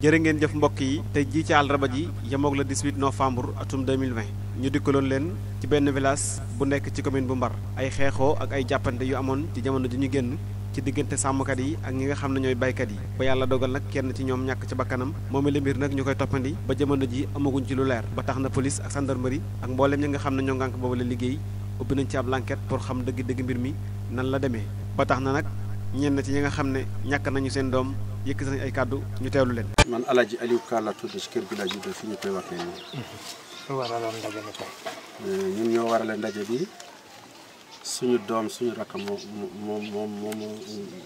jërë ngeen jëf mbokk yi te jii ci àllarba ji yemoog le 18 novembre atum 2020 ñu dikkaloon leen ci benn village bu nekk ci commune bu Mbar ay xeexoo ak ay jàppante yu amoon ci jamono ji ñu génn ci diggante sàmmkat yi ak ñi nga xam ne ñooy baykat yi ba yàlla dogal nag kenn ci ñoom ñàkk ci bakkanam moom la mbir nag ñu koy toppandi ba jamono ji amaguñ ci lu leer ba tax na police ak gendarmerie ak mbooleem ñi nga xam ne ñoo ngànk boobu la liggéey ubbi nañ ci ab enquête pour xam dëgg-dëgg mbir mi nan la demee ba tax na nag ñenn ci ñi nga xam ne ñàkk nañu seen doom sa nañu ay kàddu ñu teewlu leen. man El Hadj Aliou Ka tudd ci kër bi laa juddoo fi ñu koy waxee nii. lu waraloon ndaje bi tey. Eh, ñun ñoo warale ndaje bi suñu doom suñu rakk moom moom moom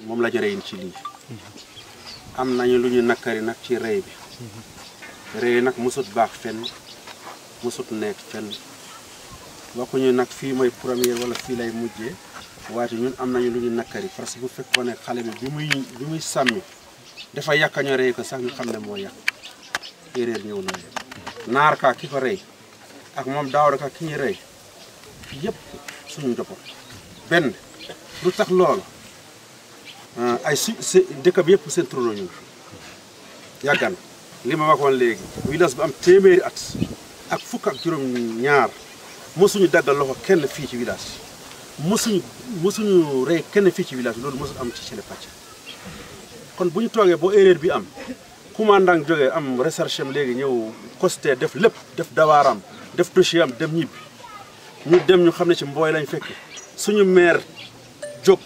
moom la jërëyin ci lii. am nañu lu ñu nakkari nag ci rëy bi. rëy nag mosut baax fenn mosut nekk fenn waxuñu nag fii mooy premier wala fii lay mujje waaye ñun am nañu lu ñu nakkari parce que bu fekkoon ne xale bi bi muy bi muy sàmmi dafa yàq ñoo rey ko sax ñu xam ne moo yàq séeréer ñëw na naar ki ko ak moom daawar ka ki ñu rey yëpp suñu njaboot benn lu tax lool ah, ay su dëkk bi yëpp seen turandoo ñu yàggan li ma waxoon léegi village bi am téeméeri at ak fukk ak juróom ñaar mosuñu daggal loxo kenn fii ci village mosuñu mosuñu rey kenn fii ci village loolu mosul am ci Thiénaba Pathia kon bu ñu toogee boo erreur bi am commandant jógee am recherche am léegi ñëw costé def lépp def dawaaram def dossier dem ñibbi ñu dem ñu xam ne ci mbooy lañu fekk suñu maire jóg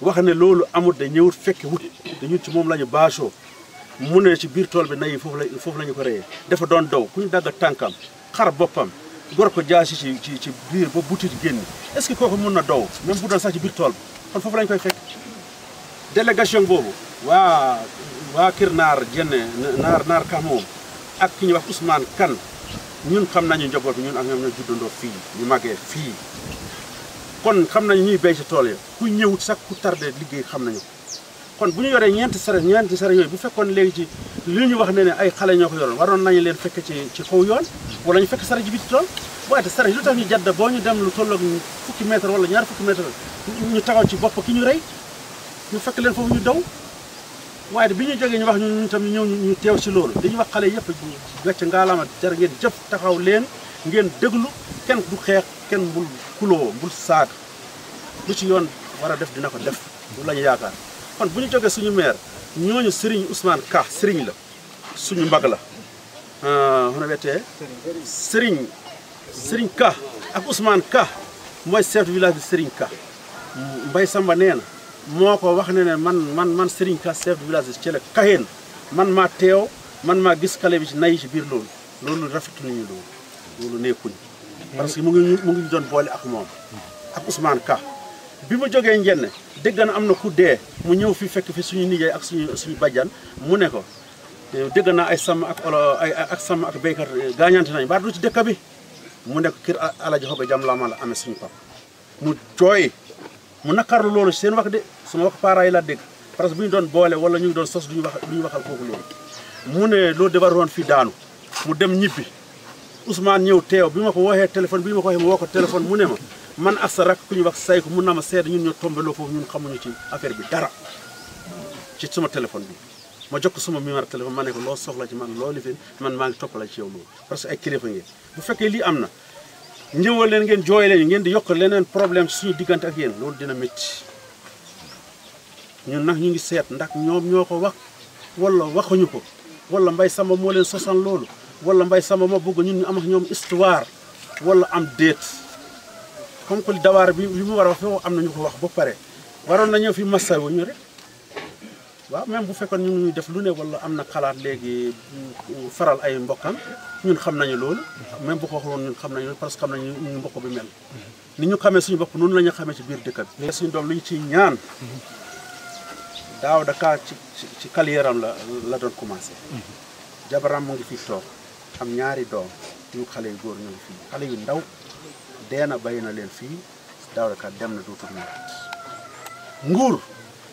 wax ne loolu amut da ñëwut fekki wut dañu ci moom la ñu baasoo mu ne ci biir tool bi nay foofu la foofu la ñu ko reyee dafa doon dow ku ñu dagg tànkam xar boppam gor ko jaasi ci ci ci biir ba butit génn est-ce que kooku mun na dow même bu doon sax ci biir tool bi kon foofu lañ koy fekk délégation boobu waa waa kër naar jenne naar naar kamoom ak ki ñuy wax Ousmane kan ñun xam nañu njaboot bi ñun ak ñoom ñoo juddandoo fii ñu màggee fii kon xam nañu ñuy béy ci tool yi kuy ñëwut sax ku tardé liggéey xam nañu kon bu ñu yoree ñeenti saret ñeenti saret yooyu bu fekkoon léegi ci li ñu wax ne ne ay xale ñoo ko yoroon waroon nañu leen fekk ci ci kaw yoon wala ñu fekk saret ji bi ci tool bu ate saret lu tax ñu jadda boo ñu dem lu tolloog fukki mètre wala ñaar fukki mètre ñu taxaw ci bopp ki ñu rey ñu fekk leen foofu ñu daw waaye bi ñu jógee ñu wax ñun tam ñu ñëw ñu teew si loolu dañuy wax xale yëpp wecc ngaalaama jar ngeen jëf taxaw leen ngeen déglu kenn du xeex kenn mbul kuloo mbul saag lu ci yoon war a def dina ko def lu la ñu yaakaar kon bu ñu jogee suñu meer ñooñu sëriñ Ousmane Ka sëriñ la suñu mbag la xana ah, wetee Serigne Serigne Ka ak usmaan Ka mooy chef de village bi Ka Mbay Samba nee moo ko wax ne ne man man man Serigne Ka chef de village bi ci la man maa teew man maa gis xale bi ci nay ci biir loolu loolu rafetu nañu loolu loolu nekkuñ parce que mu ngi mu doon boole ak moom ak Ousmane Ka bi mu jógee njenne dégg na am na ku dee mu ñëw fi fekk fi suñu nijaay ak suñu suñu bajjan mu ne ko eh, dégg naa ay sàmm ak olo ay ak sàmm ak béykat eh, gaañante nañ baa du ci dëkk bi mu nekk kër alaji xoga jam laa la amee suñu pap mu jooy mu nakarlu loolu seen wax de suma wax paara laa dégg parce que bu ñu doon boole wala ñu ngi doon sos duñu wax duñu waxal kooku loolu mu ne loolu dafa roon fii daanu mu dem ñibbi Ousmane ñëw teew bi ma ko waxee téléphone bi ma ko waxee ma woo ko téléphone mu ne ma man ak sa rakk ku ñu wax sayku mun na ma seede ñun ñoo tombeloo foofu ñun xamuñu ci affaire bi dara ci suma téléphone bi ma jox ko suma numéro téléphone ma ne ko loo soxla ci man loolu fi man maa ngi toppala ci yow loolu parce que ay kilifa ngeen bu fekkee lii am na ñëwal leen ngeen jooy leen ngeen di yokk leneen problème suñu diggante ak yéen loolu dina métti ñun nag ñu ngi seet ndax ñoom ñoo ko wax wala waxuñu ko wala mbay samba moo leen sosan loolu wala mbay sama ma bëgg ñun ñu am ak ñoom histoire wala am déet comme que dawaar bi li mu war a wax am na ñu ko wax ba pare waroon na ñëw fi massa wu ñu rek waaw même bu fekkoon ñu ngi def lu ne wala am na xalaat léegi faral ay mbokkam ñun xam nañu loolu. même bu ko waxoon ñun xam nañu loolu parce que xam nañu ñu mbokk bi mel. ni ñu xamee suñu bopp noonu la ñu xamee ci biir dëkk bi. mais suñu doom lu ñu ciy ñaan. daaw da kaa ci ci carrière la la doon commencé. jabaram mu am ñaari doom ñu xale yu góor ñoom fii xale yu ndaw dee na bàyyi na leen fii daawrakat dem na dootul naa nguur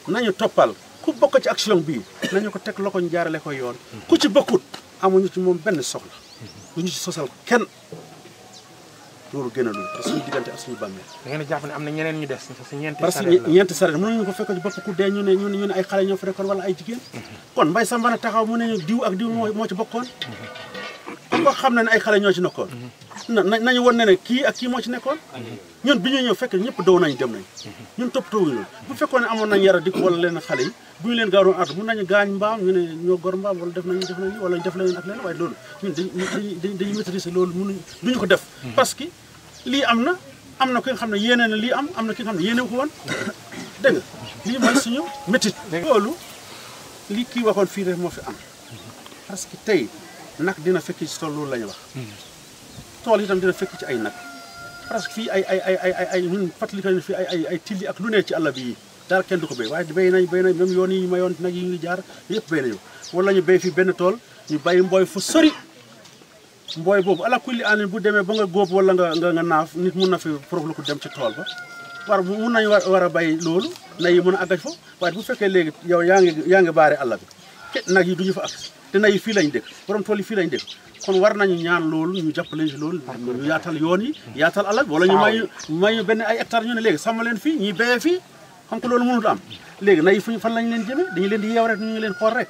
nañu toppal ku bokk ci action bii nañu ko teg loxo ñu jaarale ko yoon ku ci bokkut amuñu ci moom benn soxla lu ñu ci sosal kenn loolu gën a luñ te suñu diggante ak suñu bàmmeel na ñeneen ñu des parce que ñeenti sareet mënuñu ko fekk ci bopp ku dee ñu ne ñu ne ay xale ñoo fa nekkoon wala ay jigéen mhm. kon mbay sambana taxaw mu ne ñu diw ak diw moo ci bokkoon ko xam ne ne ay xale ñoo ci nekkoon na na nañu woon ne ne kii ak kii moo ci nekkoon ñun bi ñu ñëw fekk ñëpp daw nañ dem nañ ñun toppatoo ñu bu fekkoon ne amoon nañ yara dik wala leen xale yi bu ñu leen gaaroon aatu mun nañu gaañ mbaam ñu ne ñoo gor mbaam wala def nañu def nañu wala def leen ak leen waaye loolu ñun dañuy dañuy maîtriser loolu ñu ko def parce que lii am na am na ki xam ne yéene lii am am na ki nga xam ne yéene ko woon dégg suñu métit loolu li kii waxoon fii rek moo fi am parce que tey nag dina fekk ci tool loolu la ñu wax. tool itam dina fekk ci ay nag presque fii ay ay ay ay ay ñun fàttali fii ay ay ay tilli ak lu ne ci àll bi daal kenn du ko béy waaye béy nañ béy nañ même yoon yi ñu mayoon nag yi ñuy jaar yëpp béy nañu wala ñu béy fii benn tool ñu bay mbooy fu sori mbooy boobu ala kulli ànd bu demee ba nga góob wala nga nga nga naaf nit mun na fi prof lu ko dem ci tool ba war mu mun nañu war a bay loolu na yi mën a àggaj fo waaye bu fekkee léegi yow yaa ngi yaa ngi baare àll nag yi du ñu fa agsi te nag yi fii lañ dëkk borom tool yi fii lañ dëkk kon war nañu ñaan loolu ñu jàppale si loolu ñu yaatal yoon yi yaatal alal wala ñu may may benn ay hectare ñu ne léegi sàmm leen fii ñuy béyee fii xam ko loolu mënut am léegi nag yi ñu fan lañ leen jëmee dañu leen di yeew rek ñu ngi leen xool rek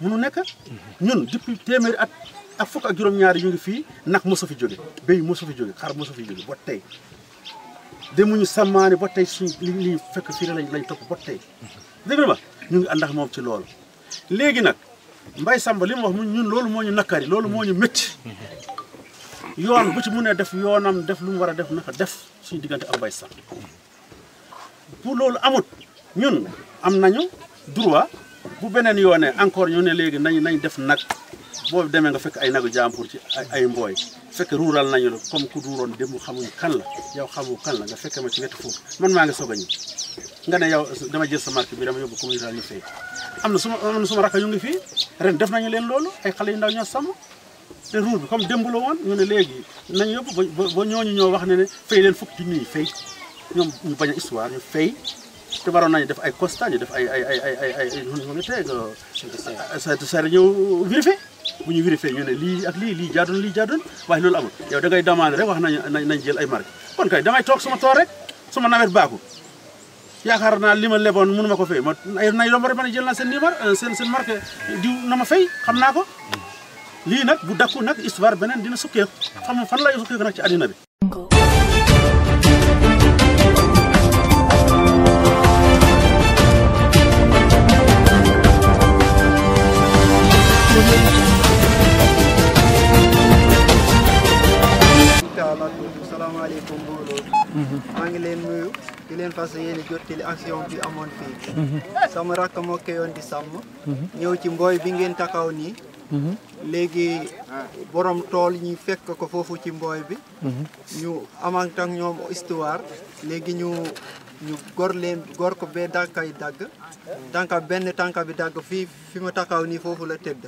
mënu nekk mhm. ñun depuis téeméeri at ak fukk ak juróom-ñaari ñu fii nag mosu fi jóge béy mosu fi jóge xar mosu fi jóge ba tey demuñu sàmmaane ba tey suñ li ñuy fekk fii lañ lañ topp ba tey mhm. dégg nga ma ñu ngi ànd ak ci loolu léegi nag mbay samba li mu wax mu ñun loolu moo ñu nakkari loolu moo ñu métti yoon bu ci mënee def yoonam def lu mu war a def naka def suñu diggante ak mbay samba pour loolu amut ñun am nañu droit bu beneen yoon ne encore ñu ne léegi nañ nañ def nag boo demee nga fekk ay nagu jàmbur ci ay mbooy fekk ruural nañu la comme ku ruuroon mu xamuñ kan la yow xamu kan la nga fekkee ma ci wetu foofu man maa ngi soog a ñëw nga ne yow dama jël sa marque bi dama yóbbu communauté ñu fay am na suma am na suma rakk yu ngi fii ren def nañu leen loolu ay xale yu ndaw ñoo sàmm te ruur bi comme démb woon ñu ne léegi nañ yóbbu ba ba ñooñu ñoo wax ne ne fay leen fukki junni yi fay ñoom ñu bañ a histoire ñu waroon nañu def ay constat ñu def ay ay ay ay ay ay euh, ñu ngi teg saytu saytu bu ñu vérifié ñu ne lii ak lii lii jaadoon lii jaadoon waaye loolu amul yow da ngay demandé rek wax nañ nañ jël ay marque kon kay damay toog suma toor rek suma nawet baaxul yaakaar naa li ma leboon mënu ma ko fay ma nay yomb rek ma ne jël naa seen numéro euh, seen diw na ma fay xam naa ko lii nag bu dakku nag histoire beneen dina sukkeeku xam fan lay sukkeeku nag ci àddina bi di leen fas yéene jottali action bi amoon fii mhm. sama rakk moo koyoon di sàmm mhm. ñëw ci mbooy bi ngeen taxaw nii mhm. léegi borom tool ñu fekk ko foofu ci mbooy bi ñu amant ak ñoom histoire léegi ñu ñu gor leen gor ko bee dànkay dagg tànka benn tànka bi dagg fii fi ma takkaw nii foofu la tëdd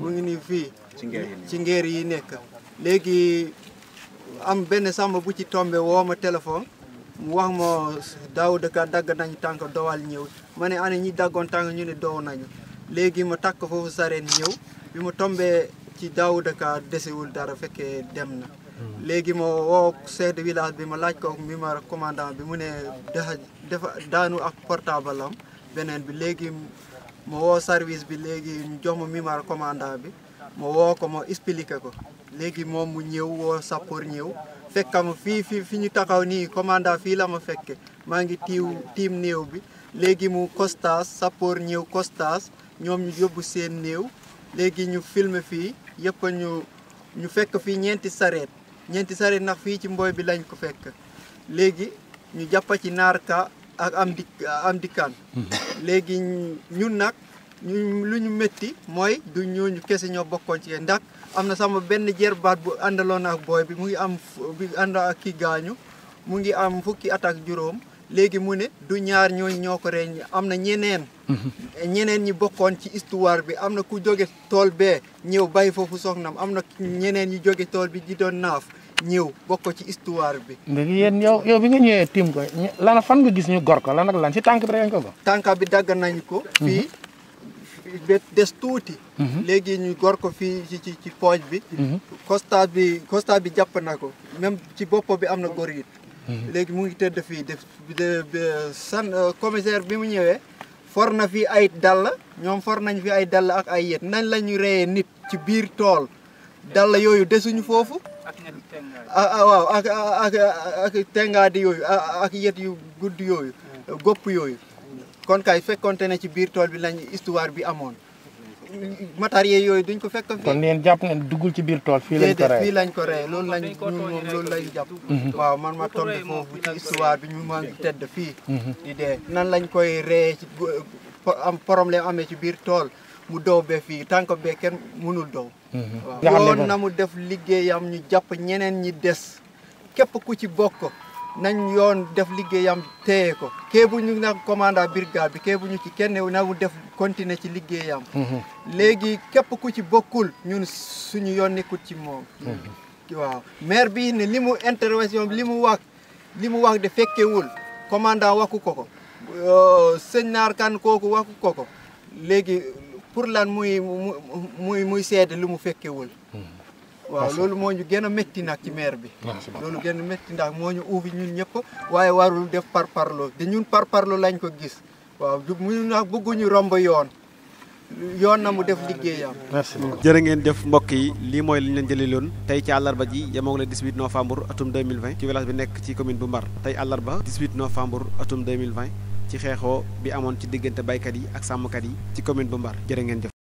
mu ngi nii fii ci ngeer yi nekk léegi am benn sàmm bu ci tombé woo ma téléphone mu wax ma Daouda Ka dagg nañu tànk dowal ñëw ma ne ana ñi daggoon tànk ñu ne doow nañu léegi ma takk foofu sareen ñëw bi ma tombee ci Daouda Ka desewul dara fekkee dem na hmm. léegi ma woo chef de bi ma laaj ko mi ma commandant bi mu ne dafa dafa daanu ak portable beneen bi léegi ma woo service bi léegi ñu jox ma mimar commandant bi ma woo ko ma expliqué ko léegi moom mu ñëw woo sappoor ñëw fekka ma fii fi fi ñu taxaw nii commandant fii la ma fekke maa ngi tiiw tiim néew bi léegi mu costas sappoor ñëw costas ñoom ñu yóbbu seen néew léegi ñu filme fii yëpp ñu ñu fekk fii ñeenti sareet ñeenti sareet ndax fii ci mbooy bi lañ ko fekk léegi ñu jàppa ci naarka ak am dikkaan mhm. léegi ñun nag ñu lu ñu métti mooy du ñooñu kese ñoo bokkoon ci ndax am na sama benn jerbaat bu àndaloon ak booy bi mu ngi am bi ànd ak kii gaañu mu ngi am fukki at juróom léegi mu ne du ñaar ñooñu ñoo ko reñ am na ñeneen. Mhm. ñeneen ñi bokkoon ci histoire bi am na ku jóge tool bee ñëw bay foofu soxnam am na ñeneen ñi jóge tool bi di doon naaf ñëw bokk ci histoire bi. léegi yéen yow yow bi nga ñëwee tim ko lan fan nga gis ñu gor ko lan ak lan ci tànk bi rek lañ ko gor. tànk bi dagg nañ ko. Mhm. fii. des tuuti. Mhm. léegi ñu gor ko fii ci ci ci pooj bi. Mhm. constat bi constat bi jàpp na ko même ci bopp bi am na góor it. Mhm. léegi mu ngi tëdd fii def san euh, commissaire bi mu ñëwee. for na fi ay dàll ñoom for nañ fi ay dàll ak ay yet nañ la ñu reyee nit ci biir tool dàll yooyu desuñu foofu. Ah, ah waaw ak ak ak tengaadi yooyu ak yet yu gudd yooyu. Hmm. gopp yooyu. kon kay fekkonte ne ci biir tool bi lañ histoire bi amoon matériel yooyu duñ ko fekk fii. kon ngeen jàpp ne duggul ci biir tool fii lañ ko rey lañ ko rey loolu lañ ñun moom loolu lañ jàpp. Mhm. waaw man ma tombé foofu ci histoire bi ñu ma mhm. tedd fii. Mhm. di dee nan lañ koy reyee ci am problème amee ci biir tool mu dow be fii tànk be kenn mënul dow. waaw yoon na mu def liggéeyam ñu jàpp ñeneen ñi des képp ku ci bokk. nañ yoon def liggéeyam téye ko kee ñu nag commandant brigade bi kee bu ñu ci kenn nagu def continuer ci liggéeyam mhm. léegi képp ku ci bokkul ñun suñu yoon nekkul ci moom mhm. waaw maire bi ne li mu intervention li mu wax li mu wax de fekkewul commandant waxu ko ko euh, sëñ naar kan kooku waxu ko ko léegi pour lan muy muy muy seede lu mu fekkewul waaw loolu moo ñu gën a métti nag ci maire bi loolu gën a métti ndax moo ñu uufi ñun ñëpp waaye warul def par parlo te ñun par parlo lañ ko gis waaw mu nag bëgguñu romb yoon yoon na mu def liggéeyam jërë ngeen jëf mbokk yi lii mooy li ñu leen jëlee loon tey ci àllarba ji yemoog le 18 novembre atum 2020 ci village bi nekk ci commune bu Mbar tey àllarba 18 novembre atum 2020 ci xeexoo bi amoon ci diggante baykat yi ak sàmmkat yi ci commune bu Mbar jërë ngeen jëf